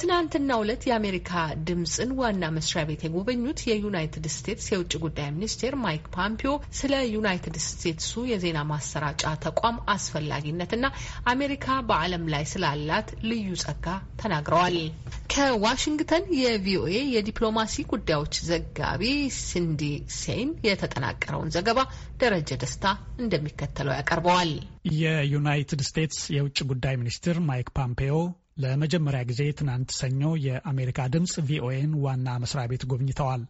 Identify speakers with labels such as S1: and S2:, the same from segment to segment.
S1: በትናንትናው ዕለት የአሜሪካ ድምፅን ዋና መስሪያ ቤት የጎበኙት የዩናይትድ ስቴትስ የውጭ ጉዳይ ሚኒስቴር ማይክ ፖምፒዮ ስለ ዩናይትድ ስቴትሱ የዜና ማሰራጫ ተቋም አስፈላጊነትና አሜሪካ በዓለም ላይ ስላላት ልዩ ጸጋ ተናግረዋል። ከዋሽንግተን የቪኦኤ የዲፕሎማሲ ጉዳዮች ዘጋቢ ሲንዲ ሴይን የተጠናቀረውን ዘገባ ደረጀ ደስታ እንደሚከተለው
S2: ያቀርበዋል። የዩናይትድ ስቴትስ የውጭ ጉዳይ ሚኒስትር ማይክ ፓምፔዮ ለመጀመሪያ ጊዜ ትናንት ሰኞ የአሜሪካ ድምፅ ቪኦኤን ዋና መስሪያ ቤት ጎብኝተዋል።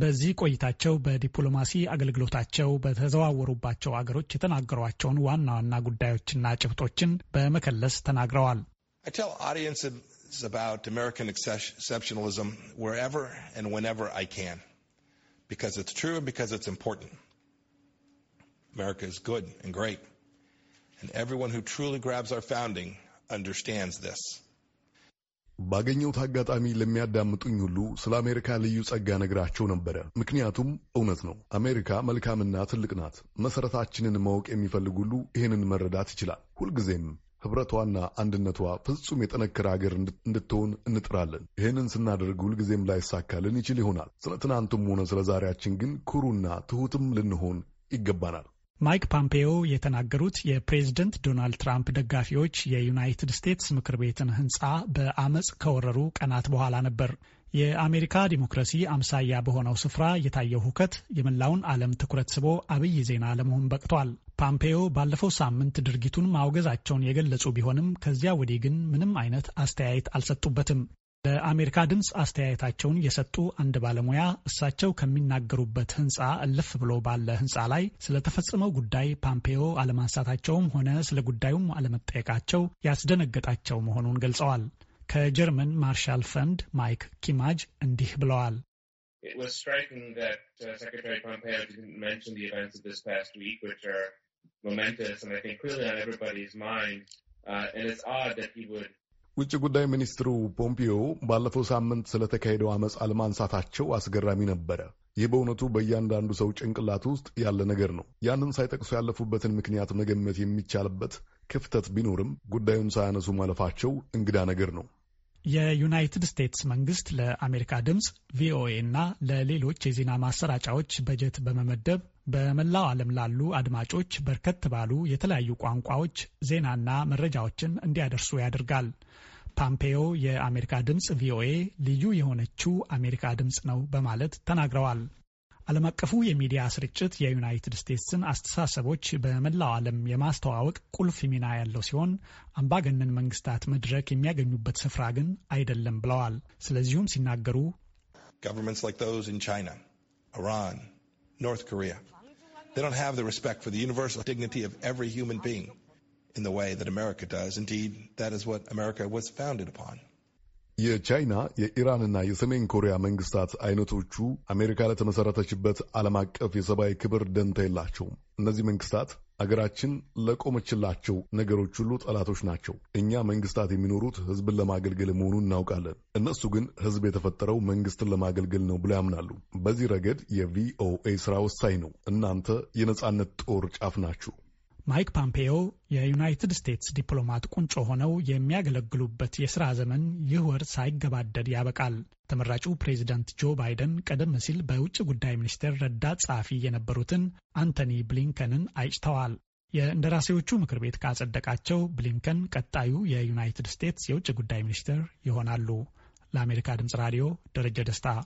S2: በዚህ ቆይታቸው በዲፕሎማሲ አገልግሎታቸው በተዘዋወሩባቸው አገሮች የተናገሯቸውን ዋና ዋና ጉዳዮችና ጭብጦችን በመከለስ ተናግረዋል።
S1: And everyone who truly grabs our founding understands this.
S3: ባገኘሁት አጋጣሚ ለሚያዳምጡኝ ሁሉ ስለ አሜሪካ ልዩ ጸጋ ነግራቸው ነበረ። ምክንያቱም እውነት ነው፣ አሜሪካ መልካምና ትልቅ ናት። መሠረታችንን ማወቅ የሚፈልግ ሁሉ ይህንን መረዳት ይችላል። ሁልጊዜም ኅብረቷና አንድነቷ ፍጹም የጠነከረ አገር እንድትሆን እንጥራለን። ይህንን ስናደርግ ሁልጊዜም ላይሳካልን ይችል ይሆናል። ስለ ትናንቱም ሆነ ስለ ዛሬያችን ግን ኩሩና ትሑትም ልንሆን ይገባናል።
S2: ማይክ ፖምፔዮ የተናገሩት የፕሬዝደንት ዶናልድ ትራምፕ ደጋፊዎች የዩናይትድ ስቴትስ ምክር ቤትን ህንፃ በአመፅ ከወረሩ ቀናት በኋላ ነበር። የአሜሪካ ዲሞክራሲ አምሳያ በሆነው ስፍራ የታየው ሁከት የመላውን ዓለም ትኩረት ስቦ አብይ ዜና ለመሆን በቅቷል። ፓምፔዮ ባለፈው ሳምንት ድርጊቱን ማውገዛቸውን የገለጹ ቢሆንም ከዚያ ወዲህ ግን ምንም አይነት አስተያየት አልሰጡበትም። ለአሜሪካ ድምፅ አስተያየታቸውን የሰጡ አንድ ባለሙያ እሳቸው ከሚናገሩበት ህንፃ እልፍ ብሎ ባለ ህንፃ ላይ ስለተፈጸመው ጉዳይ ፓምፔዮ አለማንሳታቸውም ሆነ ስለ ጉዳዩም አለመጠየቃቸው ያስደነገጣቸው መሆኑን ገልጸዋል። ከጀርመን ማርሻል ፈንድ ማይክ ኪማጅ እንዲህ ብለዋል።
S3: ውጭ ጉዳይ ሚኒስትሩ ፖምፒዮ ባለፈው ሳምንት ስለተካሄደው አመፅ አለማንሳታቸው አስገራሚ ነበረ። ይህ በእውነቱ በእያንዳንዱ ሰው ጭንቅላት ውስጥ ያለ ነገር ነው። ያንን ሳይጠቅሱ ያለፉበትን ምክንያት መገመት የሚቻልበት ክፍተት ቢኖርም ጉዳዩን ሳያነሱ ማለፋቸው እንግዳ ነገር ነው።
S2: የዩናይትድ ስቴትስ መንግስት ለአሜሪካ ድምፅ ቪኦኤ እና ለሌሎች የዜና ማሰራጫዎች በጀት በመመደብ በመላው ዓለም ላሉ አድማጮች በርከት ባሉ የተለያዩ ቋንቋዎች ዜናና መረጃዎችን እንዲያደርሱ ያደርጋል። ፓምፔዮ የአሜሪካ ድምፅ ቪኦኤ ልዩ የሆነችው አሜሪካ ድምፅ ነው በማለት ተናግረዋል። ዓለም አቀፉ የሚዲያ ስርጭት የዩናይትድ ስቴትስን አስተሳሰቦች በመላው ዓለም የማስተዋወቅ ቁልፍ ሚና ያለው ሲሆን አምባገነን መንግስታት መድረክ የሚያገኙበት ስፍራ ግን አይደለም ብለዋል። ስለዚሁም ሲናገሩ
S1: They don't have the respect for the universal dignity of every human being in the way that America does. Indeed, that is what America was founded upon.
S3: የቻይና የኢራንና የሰሜን ኮሪያ መንግስታት አይነቶቹ አሜሪካ ለተመሠረተችበት ዓለም አቀፍ የሰብአዊ ክብር ደንታ የላቸውም። እነዚህ መንግስታት አገራችን ለቆመችላቸው ነገሮች ሁሉ ጠላቶች ናቸው። እኛ መንግስታት የሚኖሩት ህዝብን ለማገልገል መሆኑን እናውቃለን። እነሱ ግን ህዝብ የተፈጠረው መንግስትን ለማገልገል ነው ብለው ያምናሉ። በዚህ ረገድ የቪኦኤ ስራ ወሳኝ ነው። እናንተ የነጻነት ጦር ጫፍ ናችሁ።
S2: ማይክ ፖምፔዮ የዩናይትድ ስቴትስ ዲፕሎማት ቁንጮ ሆነው የሚያገለግሉበት የሥራ ዘመን ይህ ወር ሳይገባደድ ያበቃል። ተመራጩ ፕሬዚደንት ጆ ባይደን ቀደም ሲል በውጭ ጉዳይ ሚኒስቴር ረዳት ጸሐፊ የነበሩትን አንቶኒ ብሊንከንን አይጭተዋል። የእንደራሴዎቹ ምክር ቤት ካጸደቃቸው ብሊንከን ቀጣዩ የዩናይትድ ስቴትስ የውጭ ጉዳይ ሚኒስቴር ይሆናሉ። ለአሜሪካ ድምፅ ራዲዮ ደረጀ ደስታ